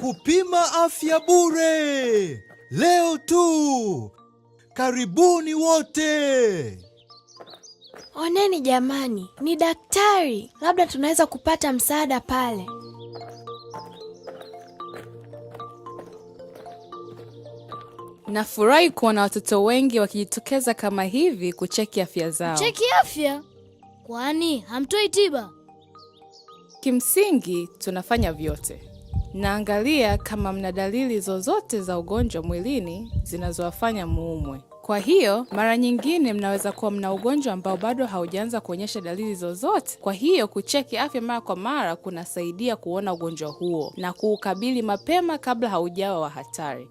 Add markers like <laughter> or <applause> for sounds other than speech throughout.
Kupima afya bure leo tu. Karibuni wote. Oneni jamani, ni daktari, labda tunaweza kupata msaada pale. Nafurahi kuona watoto wengi wakijitokeza kama hivi kucheki afya zao. Cheki afya? Kwani hamtoi tiba? Kimsingi tunafanya vyote naangalia kama mna dalili zozote za ugonjwa mwilini zinazowafanya muumwe. Kwa hiyo mara nyingine mnaweza kuwa mna ugonjwa ambao bado haujaanza kuonyesha dalili zozote. Kwa hiyo kucheki afya mara kwa mara kunasaidia kuona ugonjwa huo na kuukabili mapema kabla haujawa wa hatari.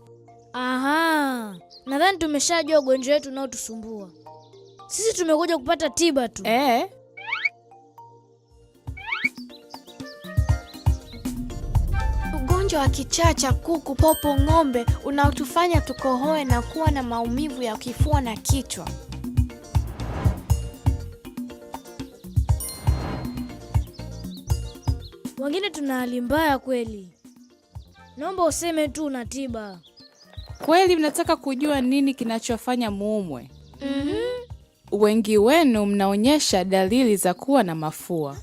Aha, nadhani tumeshajua ugonjwa wetu unaotusumbua sisi. Tumekuja kupata tiba tu. Eh, Ugonjwa wa kichaa cha kuku, popo, ng'ombe unaotufanya tukohoe na kuwa na maumivu ya kifua na kichwa. Wengine tuna hali mbaya kweli. Naomba useme tu na tiba. Kweli mnataka kujua nini kinachofanya muumwe? Mm-hmm. Wengi wenu mnaonyesha dalili za kuwa na mafua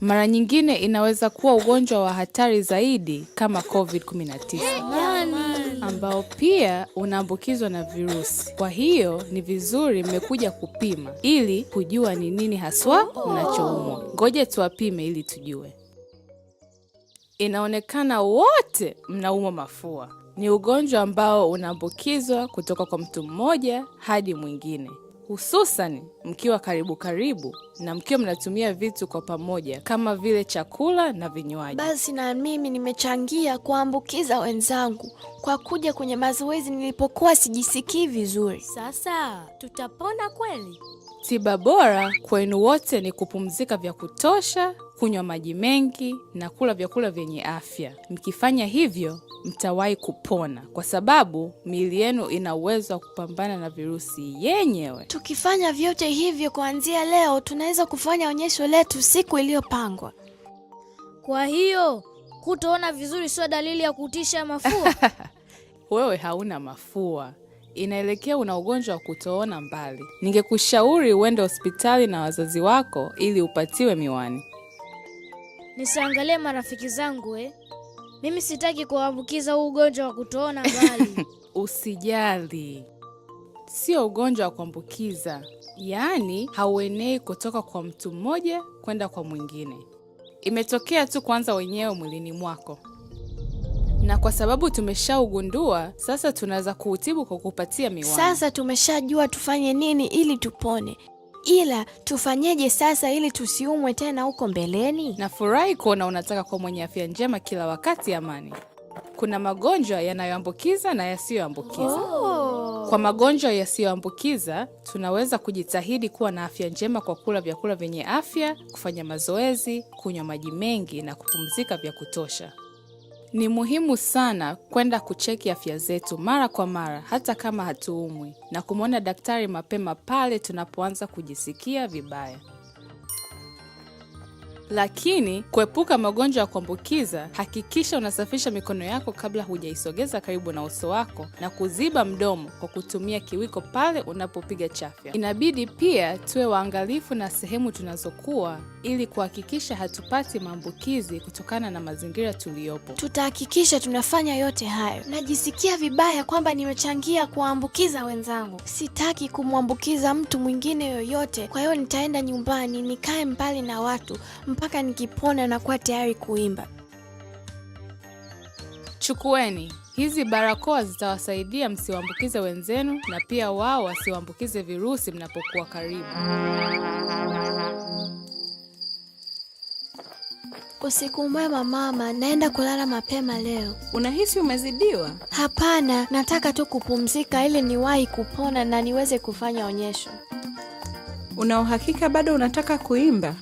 mara nyingine inaweza kuwa ugonjwa wa hatari zaidi kama COVID-19 ambao pia unaambukizwa na virusi. Kwa hiyo ni vizuri mmekuja kupima ili kujua ni nini haswa mnachoumwa. Ngoja tuwapime ili tujue. Inaonekana wote mnaumwa mafua. Ni ugonjwa ambao unaambukizwa kutoka kwa mtu mmoja hadi mwingine hususan mkiwa karibu karibu na mkiwa mnatumia vitu kwa pamoja kama vile chakula na vinywaji. Basi na mimi nimechangia kuambukiza wenzangu kwa kuja kwenye mazoezi nilipokuwa sijisikii vizuri. Sasa tutapona kweli? Tiba bora kwenu wote ni kupumzika vya kutosha, kunywa maji mengi na kula vyakula vyenye afya. Mkifanya hivyo, mtawahi kupona kwa sababu miili yenu ina uwezo wa kupambana na virusi yenyewe. Tukifanya vyote hivyo kuanzia leo, tunaweza kufanya onyesho letu siku iliyopangwa. Kwa hiyo kutoona vizuri sio dalili ya kutisha mafua? <laughs> Wewe hauna mafua inaelekea una ugonjwa wa kutoona mbali. Ningekushauri uende hospitali na wazazi wako ili upatiwe miwani. Nisiangalie marafiki zangu eh? Mimi sitaki kuambukiza huu ugonjwa wa kutoona mbali. <laughs> Usijali, sio ugonjwa wa kuambukiza, yaani hauenei kutoka kwa mtu mmoja kwenda kwa mwingine. Imetokea tu kwanza wenyewe mwilini mwako na kwa sababu tumeshaugundua sasa, tunaweza kuutibu kwa kupatia miwani. Sasa tumeshajua tufanye nini ili tupone, ila tufanyeje sasa ili tusiumwe tena huko mbeleni? Nafurahi kuona unataka kuwa mwenye afya njema kila wakati, Amani. Kuna magonjwa yanayoambukiza na yasiyoambukiza. Oh. Kwa magonjwa yasiyoambukiza tunaweza kujitahidi kuwa na afya njema kwa kula vyakula vyenye afya, kufanya mazoezi, kunywa maji mengi na kupumzika vya kutosha. Ni muhimu sana kwenda kucheki afya zetu mara kwa mara hata kama hatuumwi na kumwona daktari mapema pale tunapoanza kujisikia vibaya. Lakini kuepuka magonjwa ya kuambukiza, hakikisha unasafisha mikono yako kabla hujaisogeza karibu na uso wako na kuziba mdomo kwa kutumia kiwiko pale unapopiga chafya. Inabidi pia tuwe waangalifu na sehemu tunazokuwa ili kuhakikisha hatupati maambukizi kutokana na mazingira tuliyopo. Tutahakikisha tunafanya yote hayo. Najisikia vibaya kwamba nimechangia kuwaambukiza wenzangu. Sitaki kumwambukiza mtu mwingine yoyote, kwa hiyo nitaenda nyumbani nikae mbali na watu mpaka nikipona na kuwa tayari kuimba. Chukueni hizi barakoa, zitawasaidia msiwaambukize wenzenu na pia wao wasiwaambukize virusi mnapokuwa karibu. Usiku mwema mama, naenda kulala mapema leo. Unahisi umezidiwa? Hapana, nataka tu kupumzika ili niwahi kupona na niweze kufanya onyesho. Una uhakika bado unataka kuimba?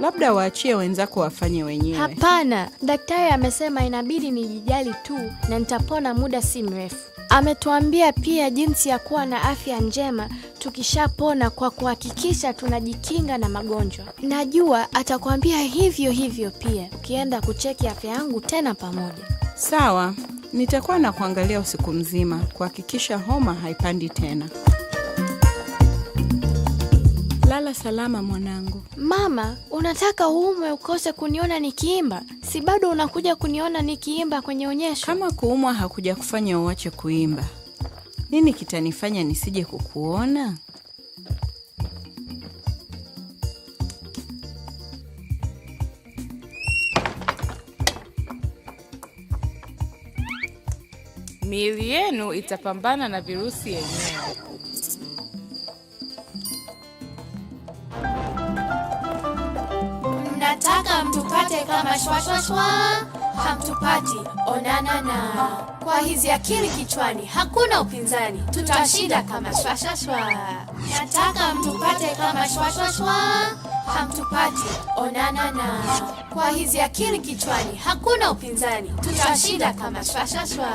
labda waachie wenzako wafanye wenyewe. Hapana, daktari amesema inabidi nijijali tu na nitapona muda si mrefu. Ametuambia pia jinsi ya kuwa na afya njema tukishapona kwa kuhakikisha tunajikinga na magonjwa. Najua atakwambia hivyo hivyo pia ukienda kucheki afya yangu tena pamoja. Sawa, nitakuwa na kuangalia usiku mzima kuhakikisha homa haipandi tena. Umelala salama mwanangu? Mama, unataka uumwe ukose kuniona nikiimba? Si bado unakuja kuniona nikiimba kwenye onyesho? Kama kuumwa hakuja kufanya uache kuimba, nini kitanifanya nisije kukuona? Miili yenu itapambana na virusi yenyewe. Nataka mtupate kama shwa shwa shwa. hamtupati onana na. Kwa hizi akili kichwani, hakuna upinzani, tutashinda kama shwa shwa shwa. Nataka mtupate kama shwa shwa shwa. hamtupati onana na. Kwa hizi akili kichwani, hakuna upinzani, tutashinda kama shwa shwa shwa.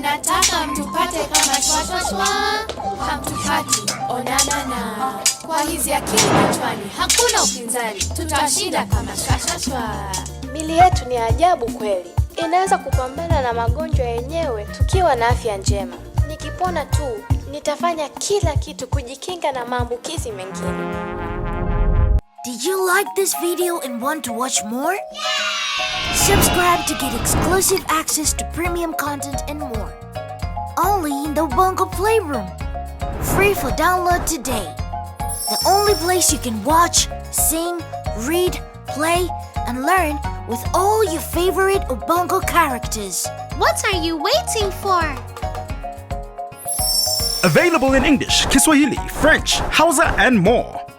Nataka mtupate kama shwa shwa shwa. hamtupati onana na. Kwa hizi akili kichwani, hakuna upinzani, tutashinda kama shashashwa. Mili yetu ni ajabu kweli, inaweza kupambana na magonjwa yenyewe tukiwa na afya njema. Nikipona tu nitafanya kila kitu kujikinga na maambukizi mengine. Did you like this video and want to watch more? Yeah! Subscribe to get exclusive access to premium content and more. Only in the Bongo Playroom. Free for download today. the only place you can watch, sing, read, play, and learn with all your favorite Ubongo characters. What are you waiting for? Available in English, Kiswahili, French, Hausa, and more.